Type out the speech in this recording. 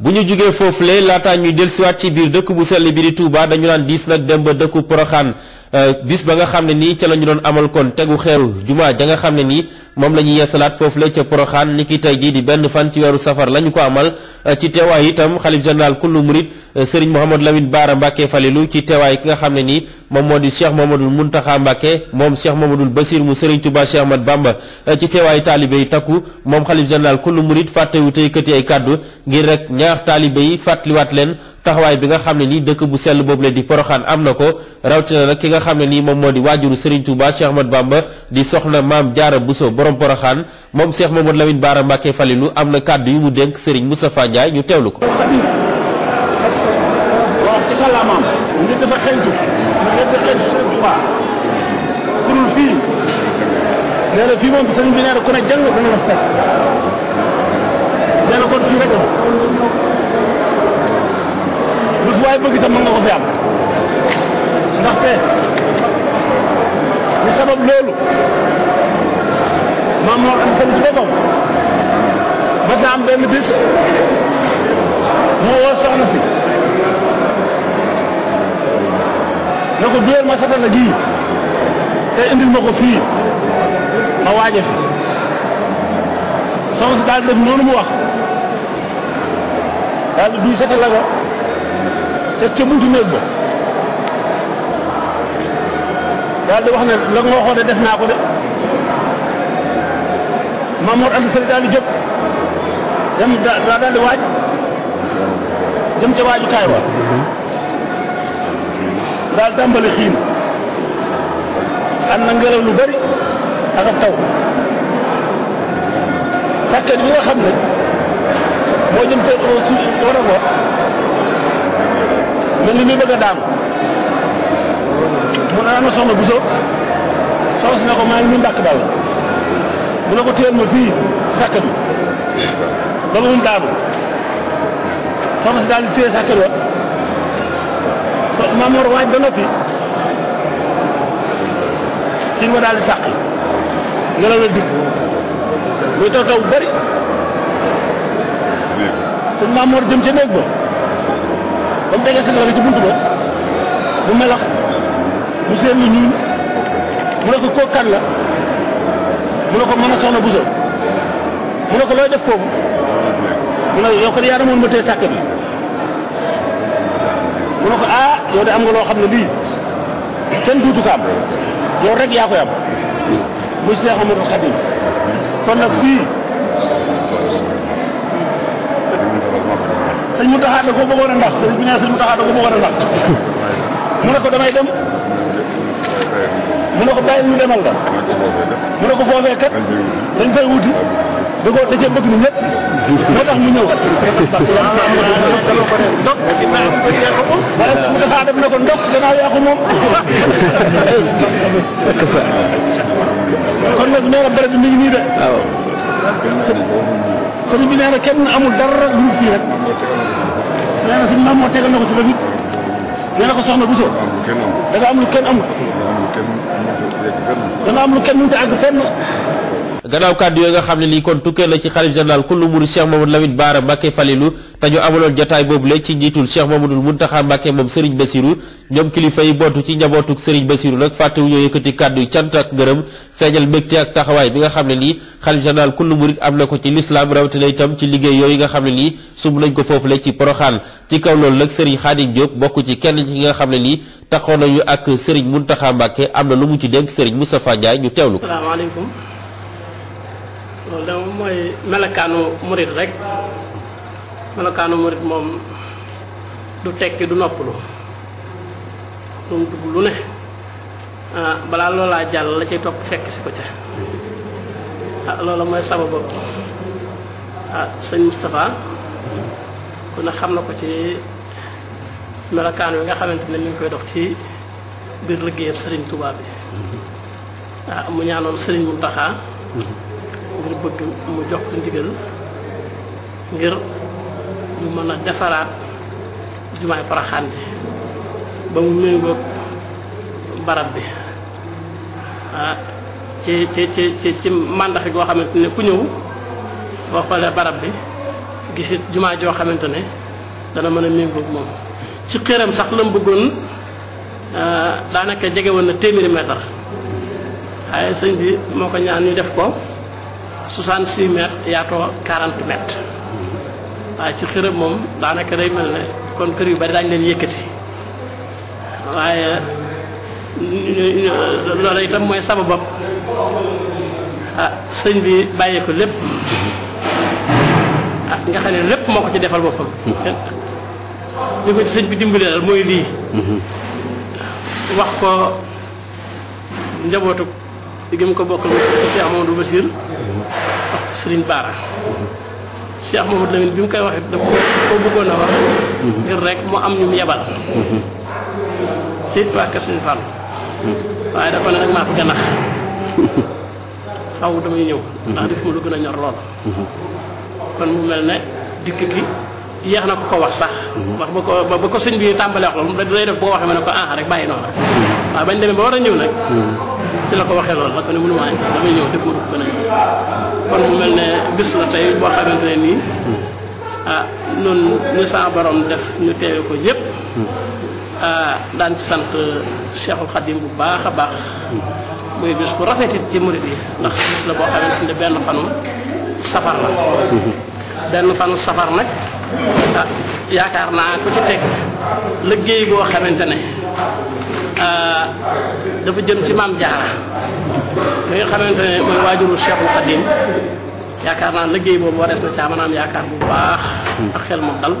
bu ñu jugee foofulee laataa ñuy dellusiwaat ci biir dëkk bu sell bi di Touba dañu naan diis nag dem ba dëkku Poroxaan Euh, bis ba nga xam ne nii ca la ñu doon amal kon tegu xeeru jumaa ja nga xam ne nii moom la ñuy yeesalaat foofu la ca Poroxaan ni ki tey jii di benn fan ci weeru safar la ko amal euh, ci teewaay itam xalif général kullu murit euh, Serigne Mouhamadou Lamine Baara Mbacke Falilou ci teewaay ki nga xam ne nii moom moo di Cheikh Mouhamadoul Mountakha Mbacke moom Cheikh Mouhamadoul Bassir mu Serigne Touba Cheikh Ahmad Bamba ci teewaayu taalibe yi takku moom xalif général kullu murit fàttewu tey këti kàddu ngir rek ñaax taalibe yi fàttaliwaat leen taxawaay bi nga xam ne nii dëkk bu sell boobu la di poroxaan am na ko rawatina nag ki nga xam ne nii moom moo di waajuru Serigne Touba Cheikh Ahmad ba di soxna maam Jaara Buso borom poroxaan moom Cheikh Mamadou Lamine Baara Mbàkke Falilu am na kàddu yu mu dénk Serigne Moustapha Ndiaye ñu teewlu ko. waaye bëgg itam mën nga ko fi am ndaxte li sabab loolu maam Mor Anta Sali ci boppam ba sa am benn bis moo woo soxna si na ko dóor ma satana gii te indil ma ko fii ma waaje fi soxna si daal def noonu mu wax daal di duy satala ko te ca buntu néeg ba daal wax ne la nga def naa ko de Mamour Anta Sali daal di dem daa daal di waaj jëm ca waajukaay wa daal tàmbali xiin am na ngelaw lu bari ak taw sàkket bi nga xam ne moo jëm ca war a mel ni muy bëgg a daanu mu ne ana soxna Bousso soxna si ne ko maa ngi ñu mbàkk daal mu ne ko téyel ma fii sàkk bi ba mu daanu soxna si daal di téye sàkk bi wa so Mamor waaj ba noppi kii ma daal di sàkk ngelaw la dikk muy taw taw bu bëri jëm ca néeg ba. ba mu déggee Sénégal ci buntu ba mu melax mu lu ñuul mu ne ko kooku kan la mu ne ko mën a soxna Bousso mu ne ko looy def foofu mu ne yow kat yaa demoon ma téye sàkk bi mu ne ko ah yow de am nga loo xam ne lii kenn duutu ko am yow rek yaa koy am muy Seex Amadu Xadim kon nag fii. Muntaxa da koo bëggoon a ndax sëriñ bi nee sëriñ Muntaxa da koo bëggoon a ndax mu ne ko damay dem mu ne ko bàyyil ñu demal la mu ne ko foofee kat dañ fay wuti da koo da cee bëgg ni ñëpp moo tax mu ñëw. donc wala sëriñ Muntaxa dem na ko ndox danaa yàqu moom kon nag nee na bërëb bi mi ngi nii de. sëriñ bi nee na kenn amul dara lu fii rek nee na suñu maam moo tegal na ko ci ba nit nee na ko soxna Bousso da nga am lu kenn amul da nga am lu kenn mënut a àgg fenn gannaaw kàddu yooyu nga xam ne lii kon tukkee na ci xalif général kullu murid Cheikh Mamadou Lamine Baara Mbacke Falilou te ñu amaloon jotaay boobu la ci njiitul Cheikh Mamadou Muntaxa Mbacke moom Serigne Bassirou ñoom kilifa yi bootu ci njabootuk Serigne Bassirou nag fàttewu ñoo yëkkati kàddu yi cant ak ngërëm feeñal mbégte ak taxawaay bi nga xam ne nii xalif général kullu murid am na ko ci lislaam rawatina itam ci liggéey yooyu nga xam ne nii sumb nañ ko foofu la ci poroxaan ci kaw loolu nag Serigne Khadim Diop bokk ci kenn ci nga xam ne nii taxoon nañu ak Serigne Muntaxa Mbacke am na lu mu ci dénk Serigne Moustapha Ndiaye ñu teewlu ko loolu da mooy melokaanu morit rek melokaanu murit moom du tekki du noppalu moom dugg lu ne ah, balaa laa jàll la cay topp fekk si ko ca ah loola mooy sababu ah sëñ Moustapha ku ne xam na ko ci melokaan bi nga xamante ne mi ngi koy dox ci biir liggéeyam sëriñ tubaab bi ah mu ñaanoon sëriñ Mountakha mm-hmm. ngir mu jox ko ndigal ngir ñu mën a defaraat jumaay Porokhane ji ba mu méngoog barab bi ah, ci ci ci ci ci goo xamante ne ku ñëw boo xoolee barab bi gisit jumaa joo xamante ne dana mën a méngoog moom ci xëram sax la mu bëggoon ah, daanaka jege woon na téeméeri mètre waaye sëñ bi moo ko ñaan ñu def ko 66 mètres yaatoo 40 mètres waaye ci xërëb moom daanaka day mel ne kon kër yu bari daañu leen yëkkati waaye loolu itam mooy sama bopp ah sëñ bi bàyyee ko lépp ah nga xam ne lépp moo ko ci defal boppam. li ci sëñ bi dimbalee dal mooy lii. wax ko njabootu gi mu ko bokkal monsieur Amadou Bassir. sëriñ Baara. Cheikh Mouhamadou Lamine bi mu koy waxee daf koo bëggoon a wax. ngir rek mu am ñu mu yebal. ci waa Kër Sëriñ waaye dafa ne nag maa bëgg a damay ñëw. ndax def ma lu gën a ñor lool. kon mu mel ne dikk gi. yeex na ko ko wax sax. wax ba ko ba ko sëñ bi tàmbalee wax loolu day ne ko ah rek bàyyi noonu. waaw bañ demee ba war a ñëw nag. ci la ko waxee loolu la ko ne mënumaa ñëw damay ñëw def ma ko gën a kon mu mel ne bis la tey boo xamante ne nii. noonu ah, ñu sa borom def ñu teewe ko yëpp. Ah, daan sant Cheikhul Khadim bu baax a baax. muy bis bu rafetit ci murid yi ndax gis la boo xamante ne benn fanu safar la. Mm-hmm. benn fanu safar nag. Ah, yaakaar naa ku ci teg liggéey boo xamante ne ah, dafa jëm ci maam jaara mi nga xamante ne mooy waajuru Cheikhul Khadim yaakaar naa liggéey boobu warees na caa yaakaar bu baax ak xel mu dal